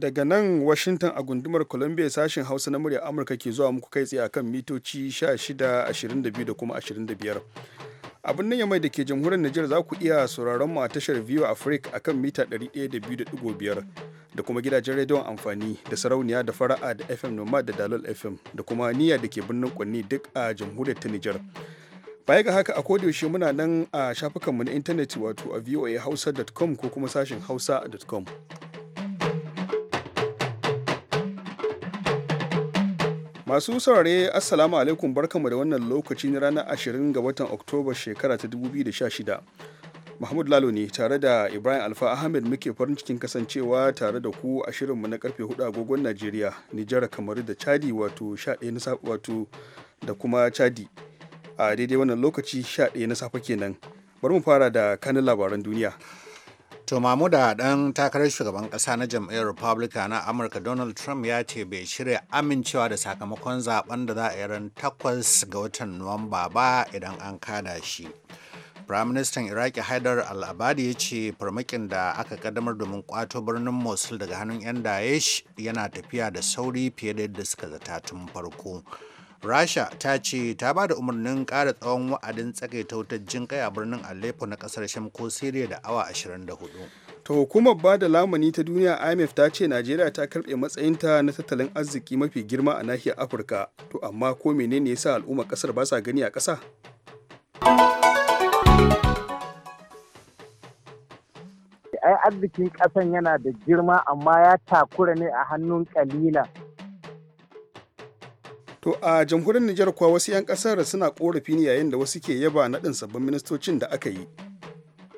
daga nan Washington a gundumar Columbia sashen Hausa na murya Amurka ke zuwa muku kai tsaye akan mitoci 16, 22 da kuma 25. Abin nan mai da ke jamhuriyar Nijar za ku iya sauraron mu a tashar View Africa akan mita 102.5 da kuma gidajen rediyon amfani da sarauniya da fara'a da FM Nomad da Dalol FM da kuma niyya da ke birnin kunni duk a jamhuriyar ta Nijar. baya ga haka a yaushe muna nan a shafukanmu na intanet wato a voahausa.com ko kuma sashin hausa.com Masu saurare Assalamu alaikum barkanmu da wannan lokaci na ranar 20 ga watan Oktoba shekara ta 2016. Mahmud Lalo ne tare da Ibrahim Alfa Ahmed muke farin cikin kasancewa tare da ku a shirinmu na karfe 4 agogon Najeriya, Nijar, Kamaru da Chadi wato 11 na safe wato da kuma Chadi. A daidai wannan lokaci 11 na safe kenan. Bari mu fara da kanin labaran duniya. To da dan takarar shugaban ƙasa na jam'iyyar Republican na Amurka Donald Trump ya ce bai shirya amincewa da sakamakon zaben da za a yi ran takwas ga watan Nuwamba ba idan an kada shi. Firaministan Iraki Haidar al-Abadi ya ce farmakin da aka kaddamar domin kwato birnin Mosul daga hannun 'yan Daesh yana tafiya da sauri fiye da yadda suka zata tun farko. rasha ta ce ta ba da umarnin kara tsawon wa'adin tsagaita wutar kai a birnin aleppo na ƙasar sham ko siriya da awa 24 ta hukumar ba da lamuni ta duniya imf ta ce najeriya ta karɓe matsayinta na tattalin arziki mafi girma a nahiyar afirka to amma ko menene yasa al'ummar ƙasar ba sa gani a ƙasa ai arzikin ƙasan yana da girma amma ya takura ne a hannun kalila to a jamhuriyar nijar kuwa wasu 'yan kasar suna korafi ne yayin da wasu ke yaba naɗin sabbin ministocin da aka yi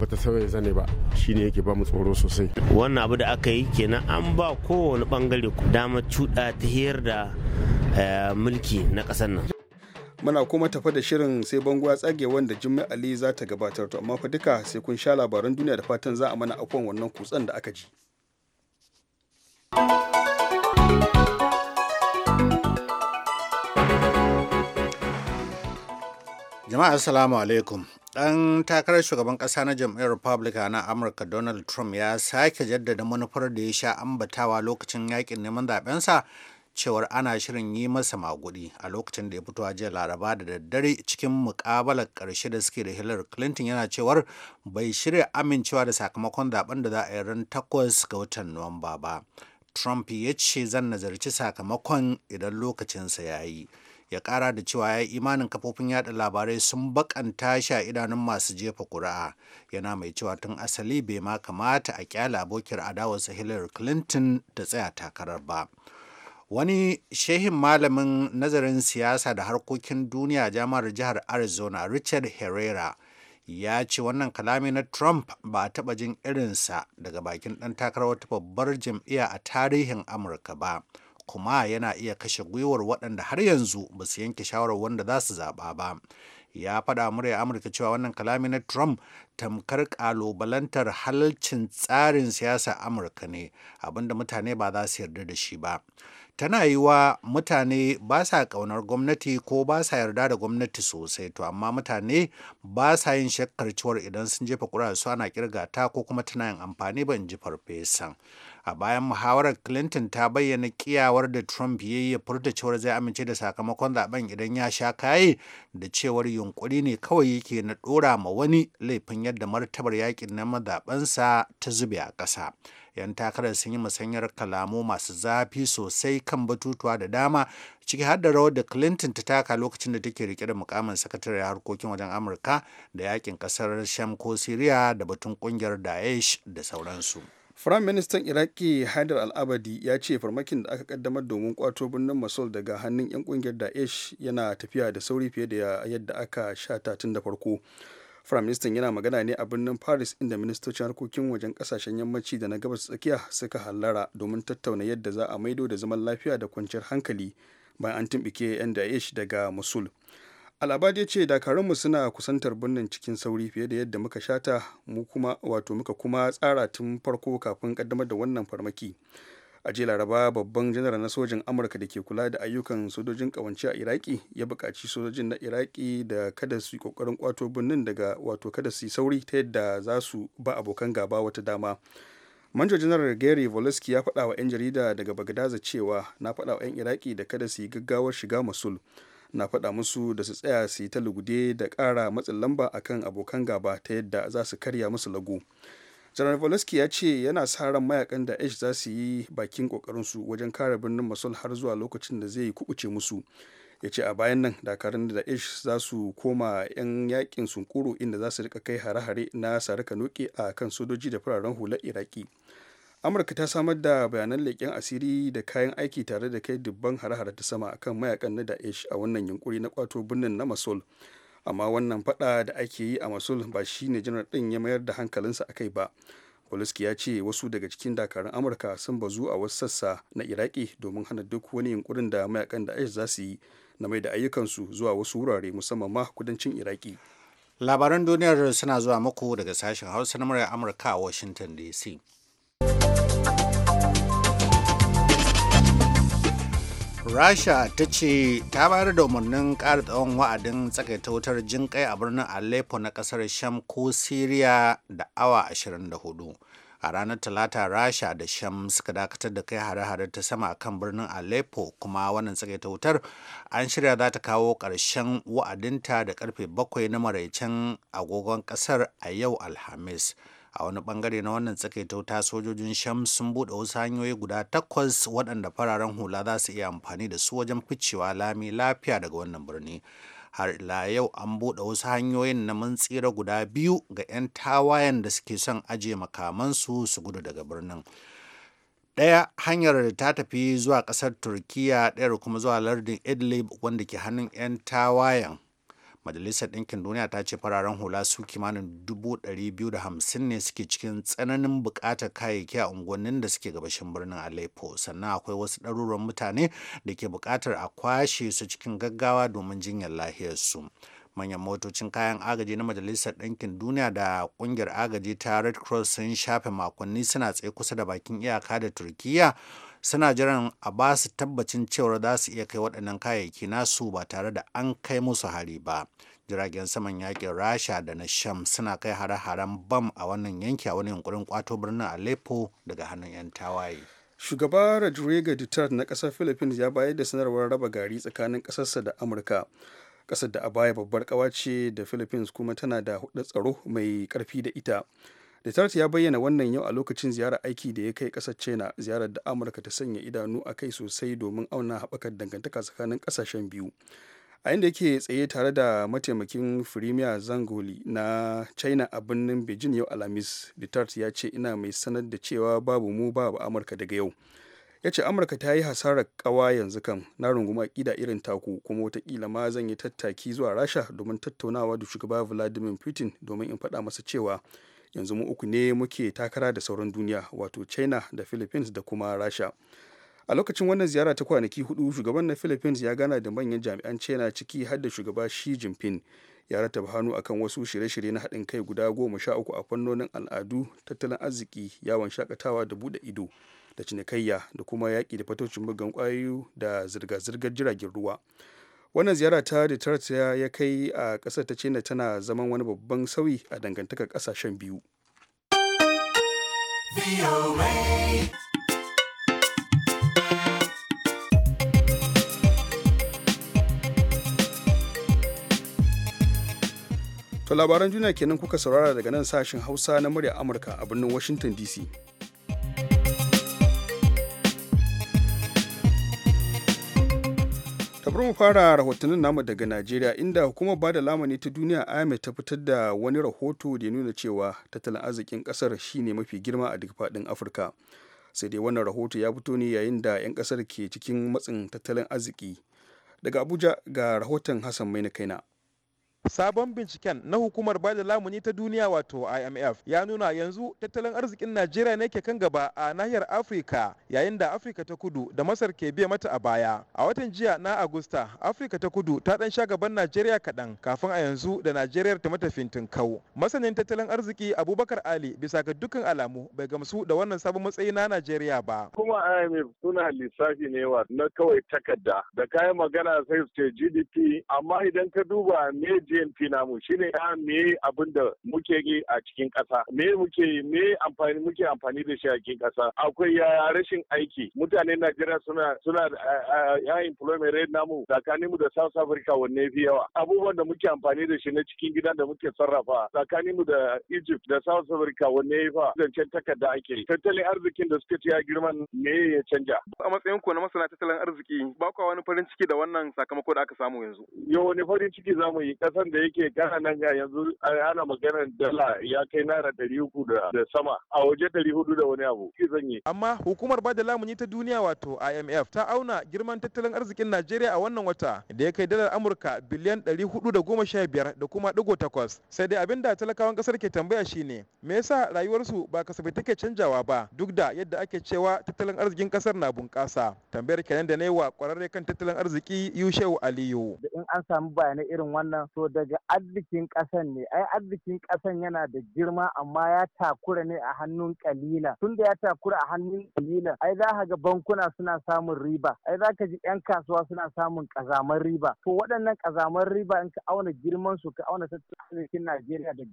bata sauya zane ba shine yake ba mu tsoro sosai wannan abu da aka yi kenan an ba kowane bangare dama cuɗa ta hiyar da eh, mulki na ƙasar nan muna kuma tafa da shirin sai bango ya tsage wanda jimmy ali za ta gabatar to amma fa duka sai kun sha labaran duniya da fatan za a mana akwai wannan kutsen da aka ji jama'a assalamu alaikum dan takarar shugaban kasa na jam'iyyar republican na amurka donald trump ya sake jaddada manufar da ya sha ambatawa lokacin yakin neman zaɓensa cewar ana shirin yi masa magudi a lokacin da ya fito jiya laraba da daddare cikin mukabalar ƙarshe da suke da hillary clinton yana cewar bai shirya amincewa da sakamakon zaben da za a yi ran takwas ga watan nuwamba ba trump ya ce zan nazarci sakamakon idan lokacinsa ya yi ya kara da cewa ya yi imanin kafofin yada labarai sun bakanta shi a idanun masu jefa kuri'a yana mai cewa tun asali bai ma kamata a kyala abokiyar adawarsa hillary clinton ta tsaya takarar ba wani shehin malamin nazarin siyasa da harkokin duniya jami'ar jihar arizona richard herrera ya ce wannan kalami na trump ba a taba jin irinsa daga bakin dan takarar wata babbar jam'iyya a tarihin amurka ba kuma yana iya kashe gwiwar waɗanda har yanzu ba su yanke shawarar wanda za su zaɓa ba ya faɗa murya amurka cewa wannan kalami na trump tamkar ƙalubalantar halalcin tsarin siyasa amurka ne abinda mutane ba za su yarda da shi ba tana yi wa mutane ba sa ƙaunar gwamnati ko ba sa yarda da gwamnati sosai to amma mutane ba sa yin shakkar cewar idan sun jefa su ana kirga ta ko kuma tana yin amfani ban ji farfesan a bayan muhawarar clinton ta bayyana kiyawar da trump ya yi furta cewar zai amince da sakamakon zaben idan ya sha kaye da cewar yunkuri ne kawai yake na dora ma wani laifin yadda martabar yakin na mazabensa ta zube a ƙasa 'yan takarar sun yi musanyar kalamu masu zafi sosai kan batutuwa da dama ciki har da rawar da clinton ta taka lokacin da take rike da mukamin sakatare harkokin wajen amurka da yakin kasar sham ko syria da batun kungiyar daesh da sauransu firam-ministan Iraki Haidar Al-Abadi ya ce farmakin da aka kaddamar domin kwato birnin Mosul daga hannun 'yan kungiyar Daesh yana tafiya da sauri fiye da yadda aka shata tun da farko. Firaministan yana magana ne a birnin Paris inda ministocin harkokin wajen kasashen yammaci da na gabas tsakiya suka hallara domin tattauna yadda za a maido da zaman lafiya da kwanciyar hankali bayan an tumbike 'yan Daesh daga Mosul. al'abad ya ce dakarunmu suna kusantar birnin cikin sauri fiye da yadda muka shata mu kuma wato muka kuma tsara tun farko kafin kaddamar da wannan farmaki a jiya laraba babban janar na sojin amurka da ke kula da ayyukan sojojin kawance a iraki ya buƙaci sojojin na iraki da kada su yi ƙoƙarin kwato birnin daga wato kada su yi sauri ta yadda za su ba abokan gaba wata dama manjo janar gary voloski ya faɗa wa 'yan jarida daga bagdaza cewa na faɗa wa 'yan iraki da kada su yi gaggawar shiga masul na faɗa musu da su tsaya su yi ta lugude da ƙara matsin lamba akan abokan gaba ta yadda za su karya musu lago janar voloski ya ce yana sa ran mayakan da ish za su yi bakin kokarinsu wajen kare birnin masul har zuwa lokacin da zai kuɓuce musu ya ce a bayan nan dakarun da ish za su koma 'yan yakin sunkuru inda za su rika kai hare-hare na sarakanoke a kan sojoji da fararen hular iraki amurka ta samar da bayanan leƙen asiri da kayan aiki tare da kai dubban hare-hare ta sama akan mayakan na daesh a wannan yunkuri na kwato birnin na masul amma wannan fada da ake yi a masul ba shine janar din ya mayar da hankalinsa akai ba Poliski ya ce wasu daga cikin dakarun amurka sun bazu a wasu sassa na iraki domin hana duk wani yunkurin da mayakan daesh za su yi na mai da ayyukansu zuwa wasu wurare musamman ma kudancin iraki labaran duniyar suna zuwa muku daga sashen hausa na murya amurka a washington dc rasha ta ce ta bayar da umarnin ƙara tsawon wa'adin tsakaita wutar jinƙai a birnin aleppo na ƙasar sham ko syria da awa 24 a ranar talata rasha da sham suka dakatar da kai hare-hare ta sama kan birnin aleppo kuma wannan tsakaita wutar an shirya za ta kawo ƙarshen wa'adinta da karfe 7 na maraicen agogon ƙasar a yau alhamis a wani bangare na wannan tsakaita wuta sojojin sham sun buɗe wasu hanyoyi guda takwas waɗanda fararen hula za su iya amfani da su wajen ficewa lami lafiya daga wannan birni har ila yau an buɗe wasu hanyoyin na mun tsira guda biyu ga 'yan tawayen da suke son aje makamansu su gudu daga birnin ɗaya hanyar da ta tafi zuwa ƙasar turkiya ɗaya kuma zuwa lardin idlib wanda ke hannun 'yan tawayen majalisar ɗinkin duniya ta ce fararen hula su kimanin 250 ne suke cikin tsananin buƙatar kayayyaki a unguwannin da suke gabashin birnin aleppo sannan akwai wasu ɗaruruwan mutane da ke buƙatar a kwashe su cikin gaggawa domin jinyar lahiyarsu manyan motocin kayan agaji na majalisar ɗinkin duniya da ƙungiyar agaji ta red cross sun shafe makonni suna tsaye kusa da bakin iyaka da turkiyya suna jiran a ba su tabbacin cewar za su iya kai waɗannan kayayyaki nasu ba tare da an kai musu hari ba jiragen saman yakin rasha da na sham suna kai hare-haren bam a wannan yanki a wani yunkurin kwato birnin aleppo daga hannun 'yan tawaye shugaba rodrigo duterte na ƙasar philippines ya bayar da sanarwar raba gari tsakanin ƙasarsa da amurka ƙasar da a baya babbar ƙawa ce da philippines kuma tana da hudu tsaro mai ƙarfi da ita Duterte ya bayyana wannan yau a lokacin ziyarar aiki da ya kai ƙasar China ziyarar da Amurka ta sanya idanu a kai sosai domin auna haɓakar dangantaka tsakanin ƙasashen biyu. A inda yake tsaye tare da mataimakin Firimiya Zangoli na China a birnin Beijing yau Alhamis, Duterte ya ce ina mai sanar da cewa babu mu babu Amurka daga yau. ya ce amurka ta yi hasarar kawa yanzu kan na runguma ƙida irin taku kuma watakila ma zan yi tattaki zuwa rasha domin tattaunawa da shugaba vladimir putin domin in faɗa masa cewa yanzu mu uku ne muke takara da sauran duniya wato china da philippines da kuma rasha a lokacin wannan ziyara ta kwanaki hudu shugaban na philippines ya gana da manyan jami'an china ciki har da shugaba shi jinping ya rataba hannu akan wasu shirye-shirye na haɗin kai guda goma sha uku a fannonin al'adu tattalin arziki yawon shakatawa da buɗe ido da cinikayya da kuma yaƙi da fatocin bugan kwayoyi da zirga-zirgar jiragen ruwa wannan ziyara ta duterte ya kai a ƙasar ta china tana zaman wani babban sauyi a dangantakar ƙasashen biyu To labaran duniya kenan kuka saurara daga nan sashen Hausa na murya Amurka a birnin Washington DC. bari mu fara rahotannin namu daga najeriya inda hukumar bada lamani ta duniya imf ta fitar da wani rahoto da ya nuna cewa tattalin arzikin kasar shine mafi girma a duk faɗin afirka sai dai wannan rahoto ya fito ne yayin da 'yan kasar ke cikin matsin tattalin arziki daga abuja ga rahoton hassan mai na kaina Sabon binciken na hukumar da lamuni ta duniya wato IMF ya nuna yanzu tattalin arzikin Najeriya ne ke kan gaba a nahiyar Afirka yayin da Afirka ta kudu da Masar ke biya mata a baya. A watan jiya na Agusta, Afirka ta kudu ta dan sha gaban Najeriya kaɗan kafin a yanzu da Najeriya ta mata fintin kau. Masanin tattalin arziki Abubakar Ali bisa ga dukkan alamu bai gamsu da wannan sabon matsayi na Najeriya ba. Kuma IMF suna lissafi ne wa na kawai takarda da kayan magana sai su ce GDP amma idan ka duba ne GNP namu shine ya me abin da muke yi a cikin ƙasa me muke yi me amfani muke amfani da shi a cikin ƙasa akwai yaya rashin aiki mutanen Najeriya suna suna ya employment rate namu tsakanin mu da South Africa wanne fi yawa abubuwan da muke amfani da shi na cikin gidan da muke sarrafa tsakanin mu da Egypt da South Africa wanne yi fa zancen takarda ake tattalin arzikin da suka ci ya girma me ya canja a matsayin ku na masana tattalin arziki ba wani farin ciki da wannan sakamako da aka samu yanzu yo wani farin ciki zamu yi kasa kasan da yake gana nan ga yanzu ana maganar dala ya kai naira ɗari uku da sama a waje ɗari hudu da wani abu ki Amma hukumar ba da lamuni ta duniya wato IMF ta auna girman tattalin arzikin Najeriya a wannan wata da ya kai dalar Amurka biliyan ɗari hudu da goma sha biyar da kuma ɗigo takwas. Sai dai abin da talakawan kasar ke tambaya shine me yasa rayuwarsu ba kasafai take canjawa ba duk da yadda ake cewa tattalin arzikin kasar na bunƙasa. Tambayar kenan da na yi wa ƙwararre kan tattalin arziki Yushewu Aliyu. In an samu bayanai irin wannan so daga arzikin ƙasan ne ai arzikin ƙasan yana da girma amma ya takura ne a hannun kalila tun da ya takura a hannun kalila ai za ka ga bankuna suna samun riba ai za ka ji 'yan kasuwa suna samun ƙazamar riba to waɗannan ƙazamar riba in ka auna girman su ka auna tattalin arzikin Najeriya da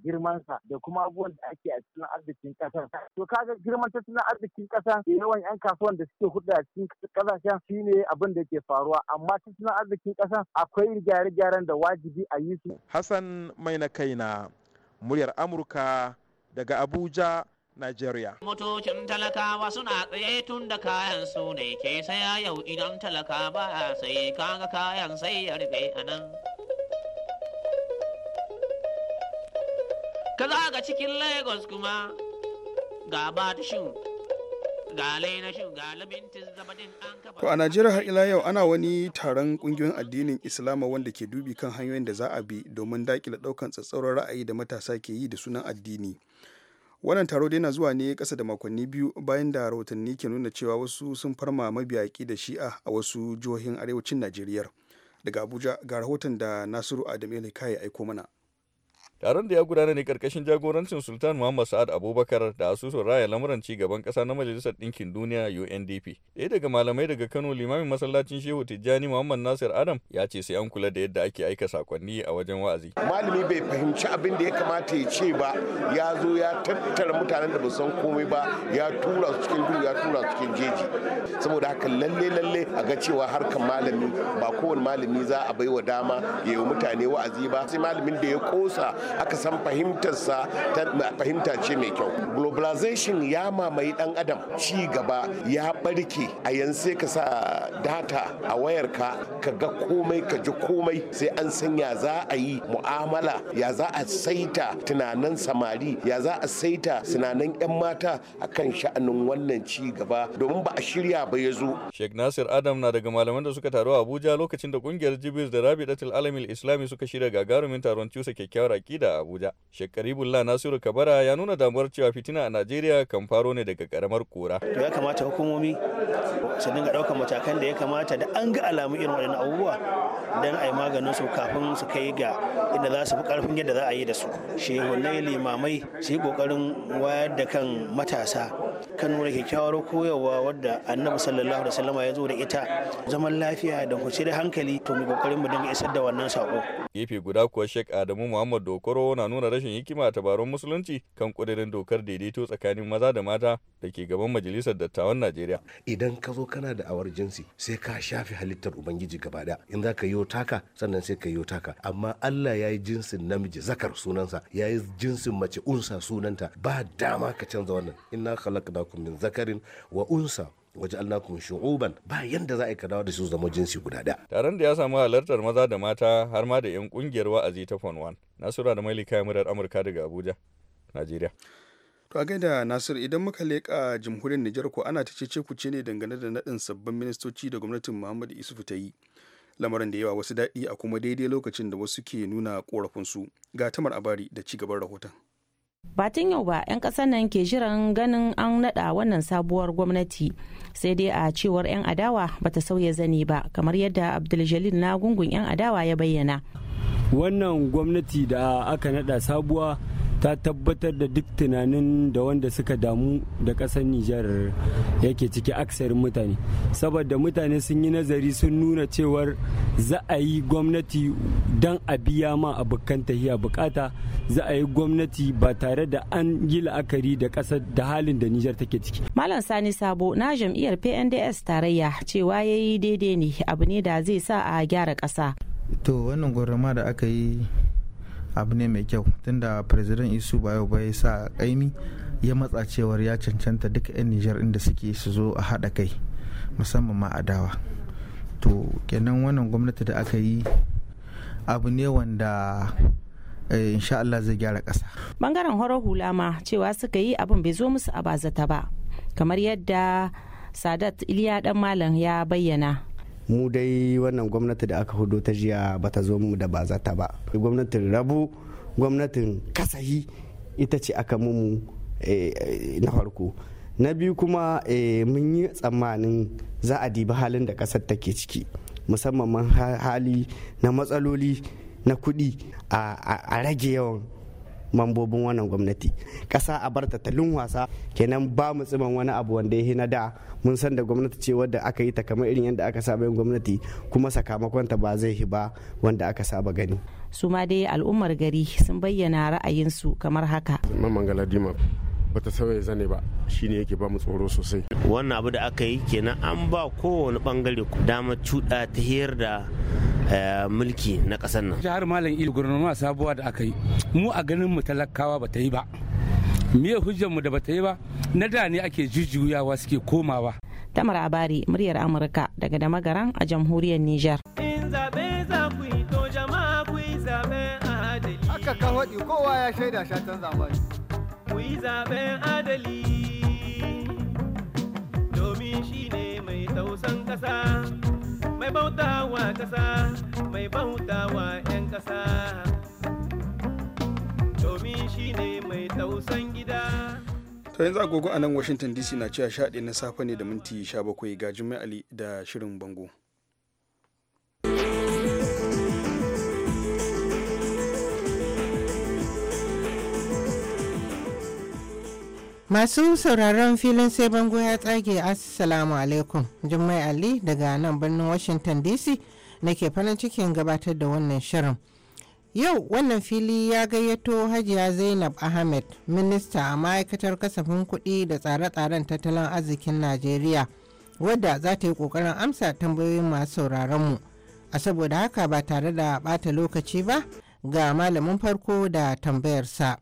sa da kuma abubuwan da ake a cikin arzikin ƙasar to kaga girman tattalin arzikin ƙasa yawan 'yan kasuwan da suke hudu a cikin ƙasashen shine abin da ke faruwa amma tattalin arzikin ƙasa akwai gyare-gyaren da wajibi a yi su Hassan mai na kaina muryar Amurka daga Abuja, Nigeria. Motocin talakawa suna tsaye tun da kayan su ne ke saya yau idan talaka ba sai kaga kayan sai ya rufe a nan. Ka ga cikin Lagos kuma ga batishin To a Najeriya har ila yau ana wani taron kungiyoyin addinin Islama wanda ke dubi kan hanyoyin da za a bi domin dakile ɗaukan tsatsauran ra'ayi da matasa ke yi da sunan addini. Wannan taro dai na zuwa ne kasa da makonni biyu bayan da rahotanni ke nuna cewa wasu sun farma mabiya da shi'a a wasu jihohin arewacin Najeriya. Daga Abuja ga rahoton da Nasiru Adam ya aiko mana. Taron da ya gudana ne karkashin jagorancin Sultan Muhammad Sa'ad Abubakar da asusun raya lamuran ci gaban kasa na Majalisar Ɗinkin Duniya UNDP. Ɗaya daga malamai daga Kano limamin masallacin Shehu Tijjani Muhammad Nasir Adam ya ce sai an kula da yadda ake aika sakonni a wajen wa'azi. Malami bai fahimci abin da ya kamata ya ce ba ya zo ya tattara mutanen da ba san komai ba ya tura su cikin duhu ya tura su cikin jeji. Saboda haka lalle lalle a ga cewa harkar malami ba kowane malami za a baiwa dama ya yi mutane wa'azi ba sai malamin da ya kosa aka san fahimtarsa fahimta ce mai kyau globalization ya mamaye dan adam ci gaba ya barke a yanzu ka sa data a wayarka ka ga komai ka ji komai sai an san ya za a yi mu'amala ya za a saita tunanin samari ya za a saita tunanin 'yan mata akan sha'anin wannan ci gaba domin ba a shirya ba ya zo Sheikh Nasir Adam na daga malaman da suka taru a Abuja lokacin da kungiyar Jibril da Rabi'atul Alamil Islami suka shirya gagarumin taron cusa kyakkyawar aƙida da abuja Abuja. Shekaribullah Nasiru Kabara ya nuna damuwar cewa fitina a Najeriya kan faro ne daga karamar kura. To ya kamata hukumomi su dinga ɗaukar matakan da ya kamata da an ga alamu irin waɗannan abubuwa don a yi maganin su kafin su kai ga inda za su fi ƙarfin yadda za a yi da su. Shehunai limamai su yi ƙoƙarin wayar da kan matasa kan nuna kyakkyawar koyarwa wadda annabi sallallahu alaihi wasallam ya zo da ita zaman lafiya da kwanciyar hankali to mu ƙoƙarin mu dinga isar da wannan sako. Gefe guda kuwa Sheikh Adamu Muhammad Doko Okoro na nuna rashin hikima a tabarun musulunci kan kudirin dokar daidaito tsakanin maza da mata da ke gaban majalisar dattawan Najeriya. Idan ka zo kana da awar jinsi sai ka shafi halittar Ubangiji gaba daya in za ka yi taka sannan sai ka yi taka amma Allah ya yi jinsin namiji zakar sunansa ya yi jinsin mace unsa sunanta ba dama ka canza wannan inna khalaqnakum min zakarin wa unsa waje shu'uban ba yanda za a ka dawo da su zama jinsi guda ɗaya taron da ya samu halartar maza da mata har ma da yan kungiyar wa'azi ta fan one nasura da mailika murar amurka daga abuja najeriya to a gaida nasir idan muka leƙa jamhuriyar nijar ko ana ta cece ku ce ne dangane da naɗin sabbin ministoci da gwamnatin muhammadu isufu ta yi lamarin da yawa wasu daɗi a kuma daidai lokacin da wasu ke nuna ƙorafinsu ga tamar abari da ci gaban rahoton batun yau ba 'yan ƙasar nan ke jiran ganin an naɗa wannan sabuwar gwamnati sai dai a cewar 'yan adawa ba ta sauya zane ba kamar yadda abduljalil na gungun 'yan adawa ya bayyana wannan gwamnati da aka naɗa sabuwa ta tabbatar da duk tunanin da wanda suka damu da ƙasar nijar yake ciki aksarin mutane saboda mutane sun yi nazari sun nuna cewar za a yi gwamnati don a biya ma abokan tahiya bukata za a yi gwamnati ba tare da an yi la'akari da ƙasar da halin da nijar take ciki malam sani sabo na jam'iyyar pnds tarayya cewa ya yi daidai ne abu ne da zai sa a gyara ƙasa to wannan gwarama da aka yi abu ne mai kyau tunda president isu bayo bai sa kaimi ya matsa cewar ya cancanta duk 'yan nijar inda suke su zo a haɗa kai musamman ma adawa to kenan wannan gwamnati da aka yi abu ne wanda eh, insha Allah zai gyara ƙasa. bangaren horar hula ma cewa suka yi abin bai zo musu a bazata ba kamar yadda sadat iliya dan malam ya bayyana mu dai wannan gwamnati da aka hudu ta jiya ba ta zo mu da ba zata ba gwamnatin rabu gwamnatin kasahi ita ce aka mumu eh, na farko na biyu kuma eh, mun yi tsammanin za a diba halin da kasar take ciki musamman hali na matsaloli na kudi a rage yawan mambobin wannan gwamnati ƙasa a bar tattalin wasa kenan ba mu tsiman wani abu wanda ya na da mun san da gwamnati ce wadda aka yi ta kamar irin yadda aka saba yin gwamnati kuma sakamakonta ba zai ba wanda aka saba gani su ma dai al'ummar gari sun bayyana ra'ayinsu kamar haka bata sauya zane ba shine yake ba mu tsoro sosai wannan abu da aka yi kenan an ba kowane bangare dama cuɗa ta hiyar da eh, mulki na ƙasar nan jihar malam ilu gurnoma sabuwa da aka yi mu a ganin mu talakawa ta yi ba me hujjar mu da ba ta yi ba na da ne ake jujjuyawa suke komawa tamar abari muryar amurka daga damagaran a jamhuriyar niger haka kan kowa ya shaida shatan zamani ku yi zaben adali domin shi ne mai tausan ƙasa mai bautawa ƙasa mai bautawa 'yan ƙasa domin shi ne mai tausan gida to yanzu agogo a nan washington dc na cewa shaɗe na safe ne da minti 17 ga jimai ali da shirin bango Masu sauraron filin sai bango ya tsage Assalamu alaikum. Jummai Ali daga nan birnin Washington DC na ke farin cikin gabatar da wannan shirin. Yau wannan fili ya gayyato Hajiya Zainab Ahmed, minista a ma'aikatar kasafin kuɗi da tsare-tsaren tattalin arzikin Najeriya, wadda za ta yi ƙoƙarin amsa tambayoyin masu sauraronmu. A saboda haka ba tare da bata lokaci ba ga malamin farko da tambayarsa.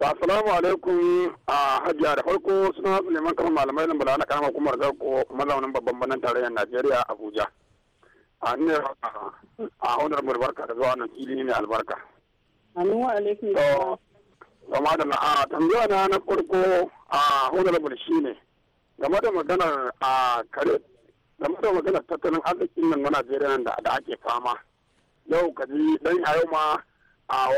Assalamu alaikum a hajiya da farko suna su neman kama malamai lambala na karamar hukumar zarko mazaunin babban birnin tarayyar Najeriya Abuja. A ne a honar barka da zuwa nan fili ne albarka. Amin wa alaikum. To, kama da na a tambaya na na farko a honar shi ne game da maganar a kare game da maganar tattalin arzikin nan na Najeriya da ake fama. Yau kaji dan yau ma a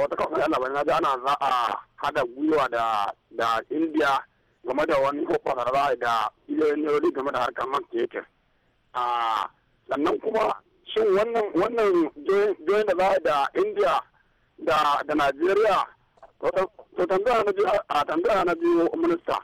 wata kafin labarai na ga ana za a hada gwiwa da da india game da wani hoɓɓasa da da ilimin game da harkar man A sannan kuma shin wannan wannan joyin da za a da india da da to tambaya na biyu a tambaya na biyu minista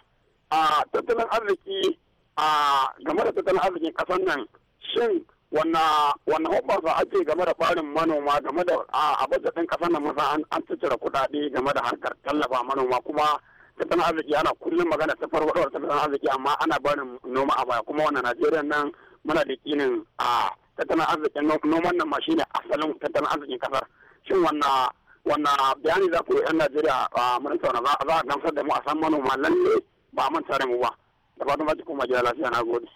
a tattalin arziki a game da tattalin arzikin ƙasar nan shin wannan hoɓarsa ake game da farin manoma game da a bajetin kasar nan masa an tattara kuɗaɗe game da harkar tallafa manoma kuma tattalin arziki ana kullum magana ta farfaɗowar tattalin arziki amma ana barin noma a baya kuma wannan najeriya nan muna da kinin a tattalin arziki noman nan ma shine asalin tattalin arzikin ƙasar shin wannan wanna bayani za ku yi 'yan najeriya a minista za a gamsar da mu a san manoma lalle ba a manta da mu ba da fatan ba ki kuma gida lafiya na gode.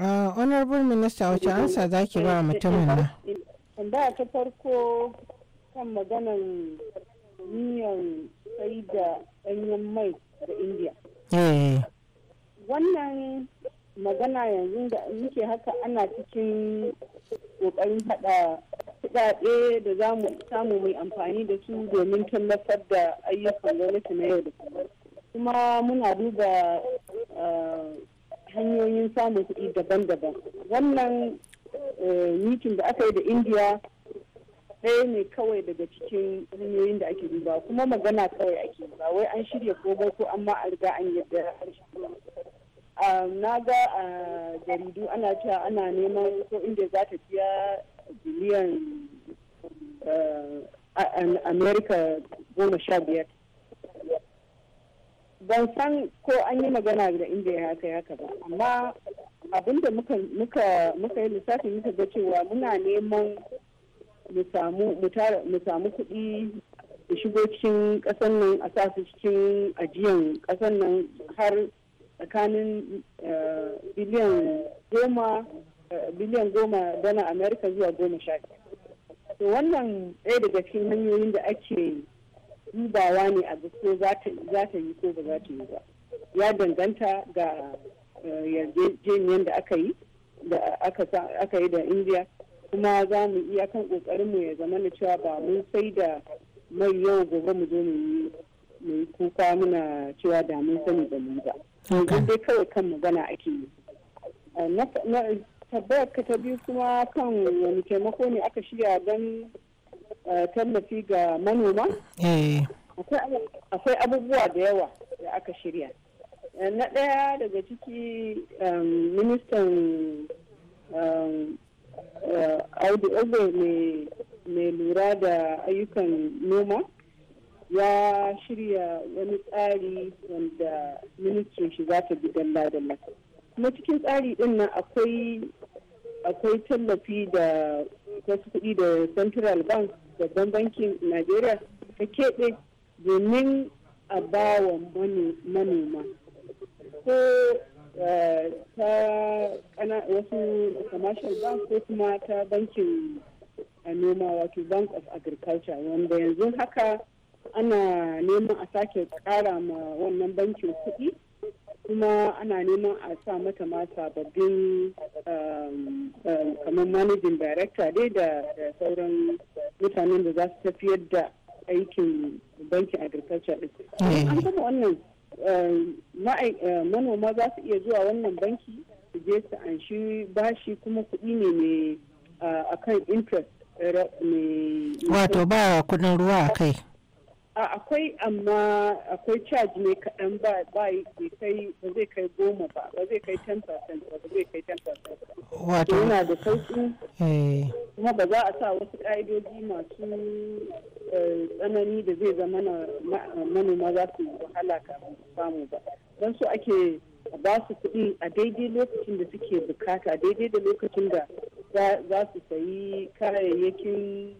honorable minista wace ansa za ki ba mutumin nan tambaya ta farko kan maganan miyan sai da ɗanyen mai da india eh. wannan magana yanzu da muke haka ana cikin ƙoƙarin haɗa kuɗaɗe da za mu samu mai amfani da su domin tallafar da ayyukan gwamnati na yau da kuma muna duba eh, hanyoyin samun kuɗi daban-daban wannan eh, mitin da aka yi da indiya ɗaya ne kawai daga cikin hanyoyin da ake duba kuma magana kawai ake ba wai an shirya ba ko amma a riga an yadda ah, na ga a ah, jaridu ana cewa ana neman ko inda za ta biya biliyan eh, amerika goma sha biyar ban san ko an yi magana da inda ya haka haka ba amma abinda muka yi lissafi muka ga cewa muna neman mu samu mu kuɗi da shigo cikin ƙasar nan a sa cikin ajiyan ƙasar nan har tsakanin eh, biliyan goma eh, biliyan goma dana amerika zuwa goma sha to wannan ɗaya daga cikin hanyoyin da ake dubawa ne a gaske za ta yi ko ba za ta yi ba ya danganta ga eh, yarjejeniyar da aka yi da aka yi da indiya kuma za mu iya kan ƙoƙarinmu ya zama na cewa ba mun sai da mai yau gobe mu zo mu yi mu kuka muna cewa da mun sani da mu ba. Yanzu dai kawai kan magana ake yi. Eh, Tabbayar ka ta biyu kuma kan wani taimako ne aka shirya don Eh, tallafi ga manoma eh. akwai abubuwa da yawa da aka shirya eh, na ɗaya daga ciki ministan audu ogbe mai lura da ayyukan noma ya shirya wani tsari wanda ministry shi za ta bi dalla kuma cikin tsari din nan akwai tallafi da wasu kuɗi da central bank babban bankin najeriya ta keɓe domin a ba wa manoma ko eh, ta wasu commercial bank ko kuma ta bankin eh, noma wato bank of agriculture wanda yanzu haka ana neman a sake ƙara ma wannan bankin kuɗi kuma ana neman a sa mata ma sababbin eh, kamar managing director dai da sauran mutanen da za su tafiyar da aikin bankin agriculture din eh. an wannan eh, eh, manoma za su iya zuwa wannan banki su je su anshi bashi kuma kuɗi ne mai akan interest wato ba kudin ruwa a kai akwai amma akwai charge ne kaɗan ba kai ba zai kai goma ba ba zai kai 10% ba zai kai 10% ba wato yana da sauƙi eh. kuma ba za a sa wasu ƙa'idoji masu eh, tsanani da zai zama manoma za su wahala kafin su samu ba don su ake ba su kuɗi a daidai lokacin da suke bukata daidai da lokacin da za su sayi kayayyakin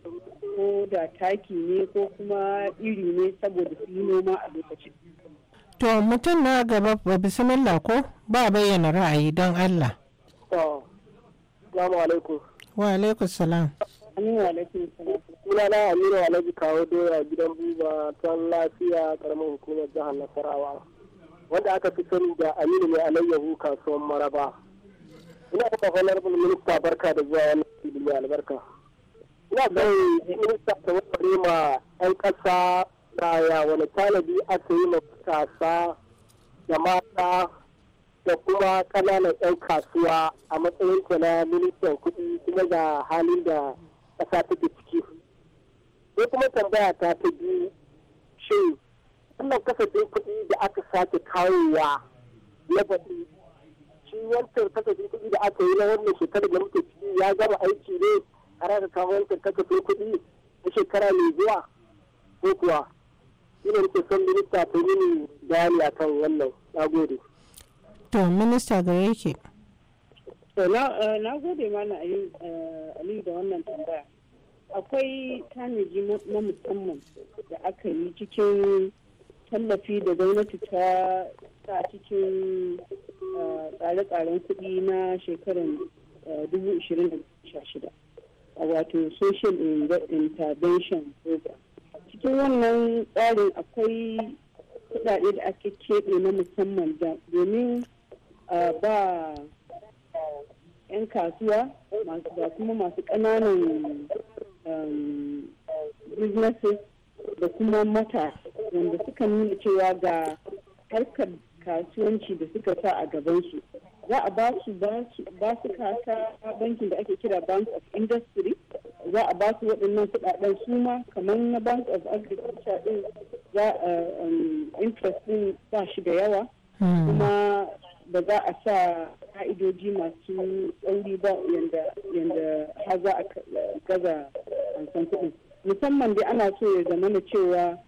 ko da taki ne ko kuma iri ne saboda su yi noma a lokacin. To mutum na gaba ba bismillah ko ba bayyana ra'ayi don Allah. To, salamu alaikum. Wa alaikum salam. Aminu Aminu Alhaji kawo doya gidan buba ta lafiya karamin hukumar jihar Nasarawa. Wanda aka fi sani da Aminu mai alayyahu kasuwan Maraba. Ina da falar minista barka da zuwa wani filin albarka. ya zai minista ta wani ma 'yan ƙasa ya wani tanadi aka yi matasa da mata da kuma ƙananan 'yan kasuwa a matsayin ta na ministan kuɗi kuma da halin da ƙasa take ciki. Sai kuma tambaya ta ta bi shi wannan kasafin kuɗi da aka sake kawowa na baɗi shi wancan kasafin kuɗi da aka yi na wannan shekarar da muke ciki ya gama aiki ne har ka kawo yankin takardar kuɗi na shekara mai zuwa ko kuwa ina nake son minista ta yi bayani a kan wannan na gode. to minista nagode eh, ma na gode mana eh, ali da wannan tambaya akwai tanaji na musamman da aka yi cikin tallafi da gwamnati ta sa cikin eh, tsare-tsaren kuɗi na shekarar 2016 wato social intervention program cikin wannan tsarin akwai kudade da ake keɓe na musamman da domin ba 'yan kasuwa da kuma masu ƙananan um, businesses da kuma mata wanda suka nuna cewa ga harkar kasuwanci da suka sa a gabansu za a ba su ba su kasa bankin da ake kira bank of industry za a ba su waɗannan kuɗaɗen su ma kamar na bank of agriculture ɗin za a eh, um, interest ɗin ba shi da yawa hmm. kuma ba za a sa ka'idoji masu ɗauri ba yadda har za a eh, gaza hansan kuɗin musamman dai ana so ya zama na cewa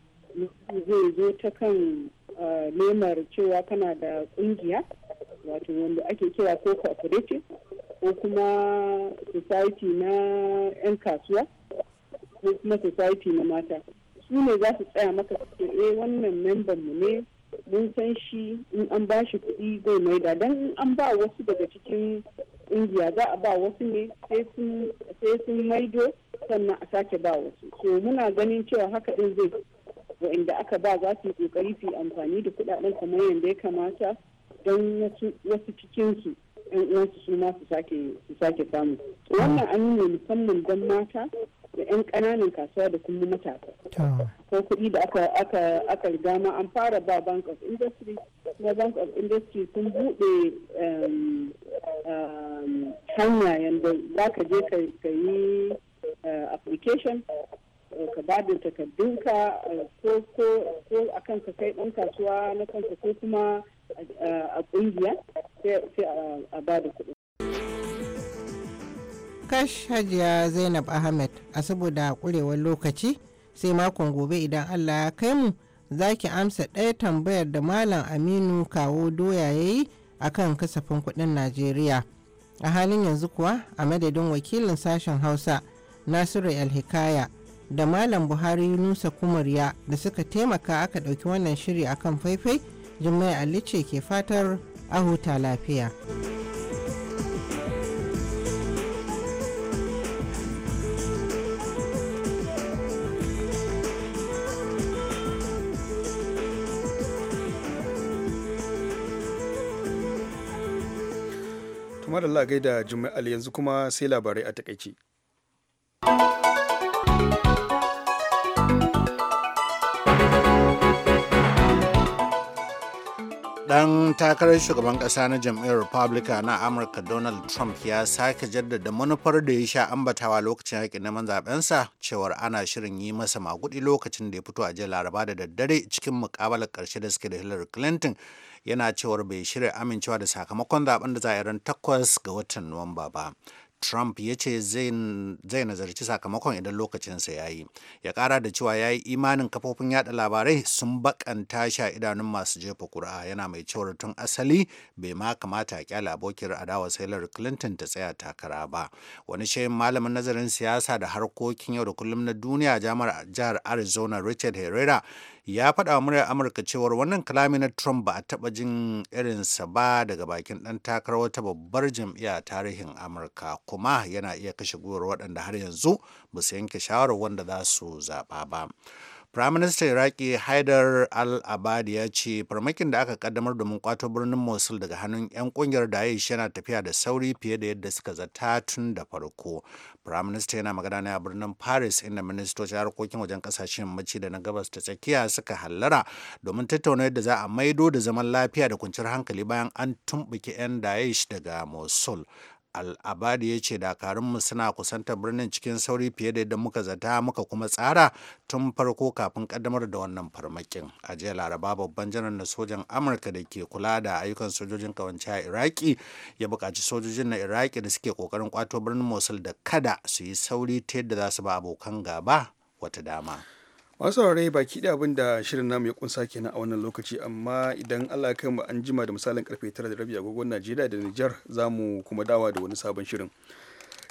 zai zo ta kan eh, lemar cewa kana da ƙungiya wato wanda ake kira ko cooperative ko kuma society na 'yan kasuwa ko kuma society na mata su ne za su tsaya maka su eh wannan memban mu ne mun san shi in an ba shi kuɗi zai maida don in an ba wasu daga cikin ƙungiya za a ba wasu ne sai sun maido sannan a sake ba wasu so muna ganin cewa haka ɗin zai wa'inda aka ba za su yi kokari su amfani da kuɗaɗen kamar yadda ya kamata don wasu cikinsu yan uwansu su ma su sake su sake samu wannan an yi musamman don mata da yan ƙananan kasuwa da kuma matasa ko kuɗi da aka aka aka riga ma an fara ba bank of industry kuma bank of industry sun buɗe hanya yadda za ka je ka yi eh, application Eh, ka babin takardunka eh, ko a kanka kai ɗan kasuwa na kanka ko kuma eh, a ƙungiya sai a ba da kuɗi. Kash Hajiya Zainab Ahmed a saboda ƙurewar lokaci sai makon gobe idan Allah ya kai mu za ki amsa ɗaya tambayar da Malam Aminu kawo doya ya yi a kan kasafin kuɗin Najeriya. A halin yanzu kuwa a madadin wakilin sashen Hausa Nasiru Alhikaya. da Malam Buhari Yunusa Kumarya da suka taimaka aka ɗauki wannan shiri akan faifai Jummai alice ke fatar a huta lafiya. Tumar da gaida Jummai Ali yanzu kuma sai labarai a takaici. dan takarar shugaban kasa na jam'iyyar republican na amurka donald trump ya sake jaddada manufar da ya sha ambatawa lokacin yakin neman sa cewar ana shirin yi masa maguɗi lokacin da ya fito a jiya laraba da daddare cikin mukabalar karshe da suke da hillary clinton yana cewar bai shirya amincewa da sakamakon zaben da za a yi ran takwas ga watan nuwamba ba Trump ya ce zai nazarci sakamakon idan lokacinsa ya yi. Ya kara da cewa ya yi imanin kafofin yada labarai sun bakanta sha idanun masu jefa ƙuri'a yana mai cewar tun asali bai ma kamata a kyala abokiyar adawa Hillary Clinton ta tsaya takara ba. Wani shayin malamin nazarin siyasa da harkokin yau da kullum na duniya jihar Arizona Richard Herrera ya faɗa wa muryar amurka cewar wannan kalami na trump ba a taɓa jin irinsa ba daga bakin ɗan takarar wata babbar jam'iyya tarihin amurka kuma yana iya kashe gwiwar waɗanda har yanzu ba su yanke shawarar wanda za su zaɓa ba Firaministan Iraki Haidar al-Abadi ya ce farmakin da aka kaddamar domin kwato birnin Mosul daga hannun 'yan kungiyar Daesh yana tafiya da sauri fiye da yadda suka zata tun da farko. Firaminista yana magana ne a birnin Paris inda ministocin harkokin wajen kasashen yammaci da na gabas ta tsakiya suka hallara domin tattauna yadda za a maido da zaman lafiya da kwanciyar hankali bayan an tumbuke 'yan Daesh daga Mosul. al'abadi ya ce dakarunmu suna kusantar birnin cikin sauri fiye da yadda muka zata muka kuma tsara tun farko kafin kaddamar da wannan farmakin a jiya laraba babban janar na sojan amurka da ke kula da ayyukan sojojin kawance a iraki ya buƙaci sojojin na iraki da suke ƙoƙarin kwato birnin mosul da kada su yi sauri ta yadda za su ba abokan gaba wata dama masu saurare baki ki abin da shirin namu ya kunsa kenan a wannan lokaci amma idan allah kai mu an jima da misalin karfe tara da rabi agogon najeriya da nijar za mu kuma dawa da wani sabon shirin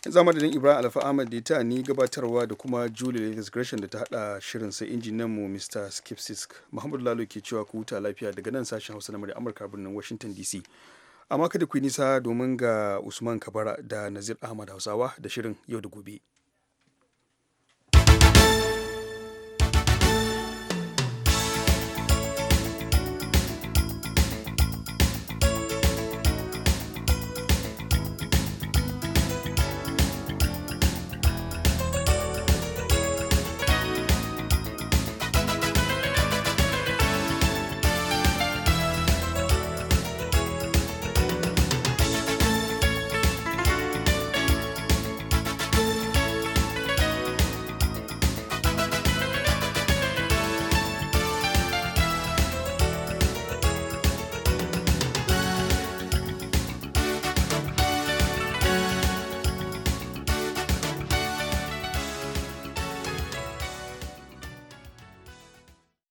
yanzu zama da ibrahim alfa ahmad da ta ni gabatarwa da kuma julie latest gresham da ta hada shirin sai injinan mu mr skipsisk muhammadu lalo ke cewa ku huta lafiya daga nan sashen hausa na murya amurka birnin washington dc amma kada ku yi nisa domin ga usman kabara da nazir ahmad hausawa da shirin yau da gobe